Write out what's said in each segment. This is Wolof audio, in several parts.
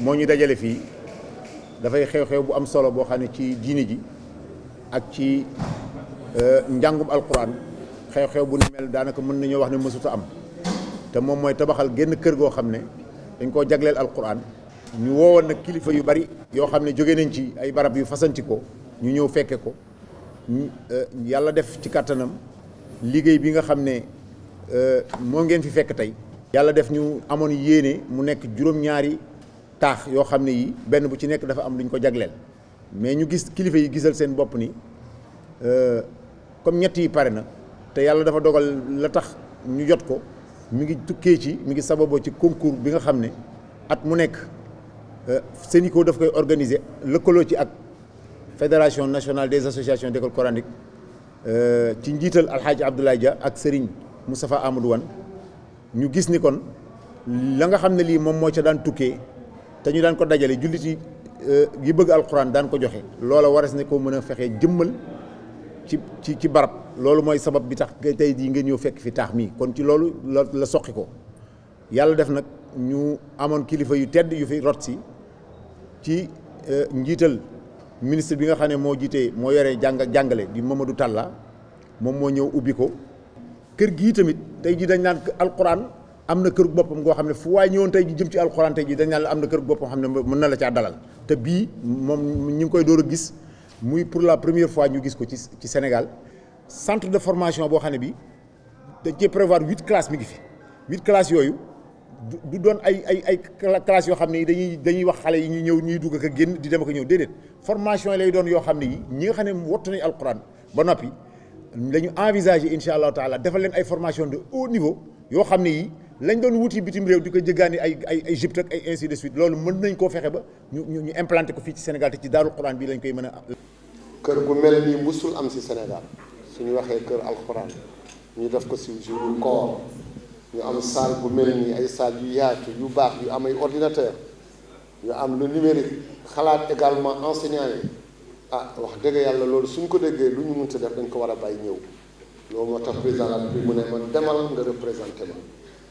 moo ñu dajale fii dafay xew-xew bu am solo boo xam ne ci diine ji ak ci euh, njàngum alquran xew-xew bu ni mel daanaka mën nañoo wax ne mësuta am te moom mooy tabaxal génn kër goo xam ne dañ koo jagleel alquran ñu woowoon nag kilifa yu bari yoo xam ne jóge nañ ci ay barab yu fasanti ko ñu ñëw fekke ko euh, yàlla def ci kàttanam liggéey bi nga xam ne euh, moo ngeen fi fekk tey. yàlla def ñu amoon yéene mu nekk juróom-ñaari taax yoo xam ne yi benn bu ci nekk dafa am lu ñu ko jagleel mais ñu gis kilifa yi gisal seen bopp ni euh, comme ñett yi pare na te yàlla dafa dogal la tax ñu jot ko mu ngi tukkee ci mi ngi sababoo ci concours bi nga xam ne at mu nekk euh, Sénico daf koy organiser lëkkaloo ci ak fédération nationale des associations d'école coranique Euh, ci njiital alxaaji Abdoulaye Dia ak sëriñ Moustapha Amadou Wan ñu gis ni kon la nga xam ne lii moom moo ca daan tukkee te ñu daan ko dajale jullit yi euh, yi bëgg alxuraan daan ko joxe loola waras ne koo mën a fexe jëmmal ci ci ci barab loolu mooy sabab bi tax tey jii ngeen ñëw fekk fi taax mii kon ci loolu la la soqi ko yàlla def nag ñu amoon kilifa yu tedd yu fi rot si ci euh, njiital ministre bi nga xam ne moo jiitee moo yore jàng jàngale di Mamadou Talla moom moo ñëw ubbi ko kër gii tamit tey jii dañ naan alxuraan am na kër boppam ngoo xam ne fu waay ñëwoon tey ji jëm ci alxuraan tey jii dañ naan am na kër boppam xam ne mën na la caa dalal te bii moom ñu ngi koy door a gis muy pour la première fois ñu gis ko ci ci Sénégal centre de formation boo xam ne bi dañ cee prévoir huit classes mi ngi fi huit classes yooyu du doon ay ay ay classes yoo xam ne dañuy dañuy wax xale yi ñu ñëw ñuy dugg ak génn di dem ko ñëw déedéet formation lay doon yoo xam ne yi ñi nga xam ne wattu nañu alquran ba noppi lañu envisager incha allahu taala defal leen ay formation de haut niveau yoo xam ne yi lañ doon wuti bitim réew di ko jëggaani ay ay Égypte ak ay ainsi de suite loolu mën nañ koo fexe ba ñu ñu implanté ko fii ci Sénégal te ci daaru quran bi lañ koy mën a. kër gu mel nii musul am si Sénégal suñu waxee kër alquran ñu def ko si jour koor ñu am salle bu mel nii ay salle yu yaatu yu baax yu am ay ordinateur ñu am lu numérique xalaat également enseignants yi ah wax dëgg yàlla loolu suñ ko déggee lu ñu mun mënta def dañ ko war a bàyyi ñëw loolu moo tax président la bi mu ne man demal nga représenté ma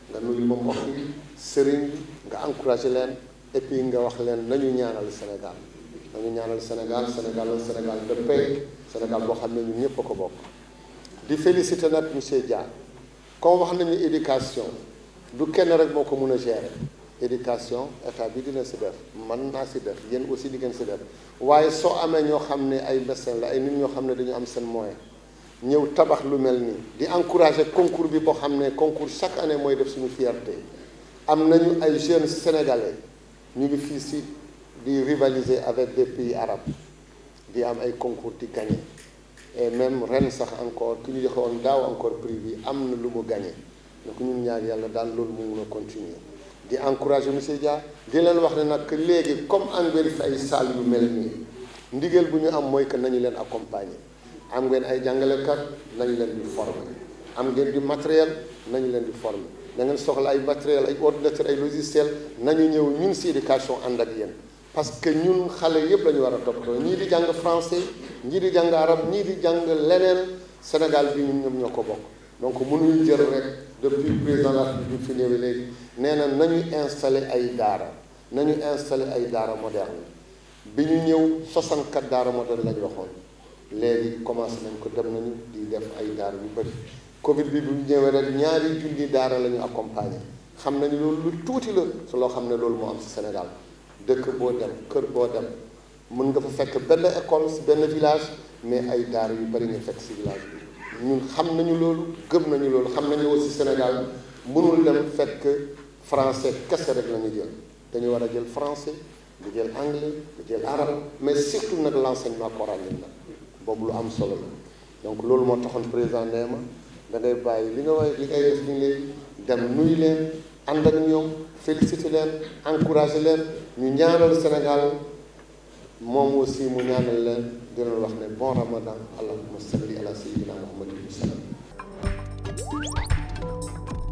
nga nuyu ma mbokk yi sëriñ nga encouragé leen et puis nga wax leen nañu ñaanal Sénégal nañu ñaanal Sénégal Sénégal Sénégal de paix Sénégal boo xam ne ñu ñëpp a ko bokk di félicité nag monsieur Dia. comme wax nañu éducation du kenn rek moo ko mun a gérer éducation état bi dina si def man naa si def yéen aussi di ngeen si def waaye soo amee ñoo xam ne ay médecin la ay nit ñoo xam ne dañu am seen moyen ñëw tabax lu mel nii di encourager concours bi boo xam ne concours chaque année mooy def suñu fierté am nañu ay jeunes sénégalais ñu ngi fii si di rivaliser avec des pays arab di am ay concours di gagner et même ren sax encore ki ñu joxe daaw encore prix bi am na lu mu gagné ku ñun ñaar yàlla daan loolu mu mun a continuer di encourager monsieur Dia di leen wax ne nag léegi comme am ngeen fi ay salle yu mel nii ndigal bu ñu am mooy que nañu leen accompagner am ngeen ay jàngalekat nañu leen di former am ngeen di matériel nañu leen di former da ngeen soxla ay matériel ay ordinateur ay logiciel nañu ñëw ñun si éducation ànd ak yéen. parce que ñun xale yëpp lañu ñu war a toppatoo ñii di jàng français ñii di jàng arab ñii di jàng leneen Sénégal bi ñun ñoom ñoo ko bokk donc mënuñu jël rek depuis président la bi fi ñëwee léegi nee na nañu installé ay daara nañu installé ay daara moderne bi ñu ñëw 64 daara moderne la ñu waxoon léegi commencé nañ ko dem nañu di def ay daara yu bëri Covid bi bu ñu ñëwee rek ñaari junni daara lañu ñu accompagné xam nañu loolu lu tuuti la su loo xam ne loolu moo am si Sénégal dëkk boo dem kër boo dem mën nga fa fekk benn école benn village mais ay daara yu bari nga fekk si village bi ñun xam nañu loolu gëm nañu loolu xam nañu aussi Sénégal mënul dem fekk français kese rek la ñu jël dañu war a jël français di jël anglais di jël arabe mais surtout nag l'enseignement coranique la boobu lu am solo la donc loolu moo taxoon président nee ma da ngay bàyyi li nga way li ngay def nii léegi dem nuyu leen ànd ak ñoom félicité leen encouragé leen ñu ñaanal Sénégal moom aussi mu ñaanal leen di leen wax ne bon ramadan allahumma salli ala sayyidina muhammadin wa sallam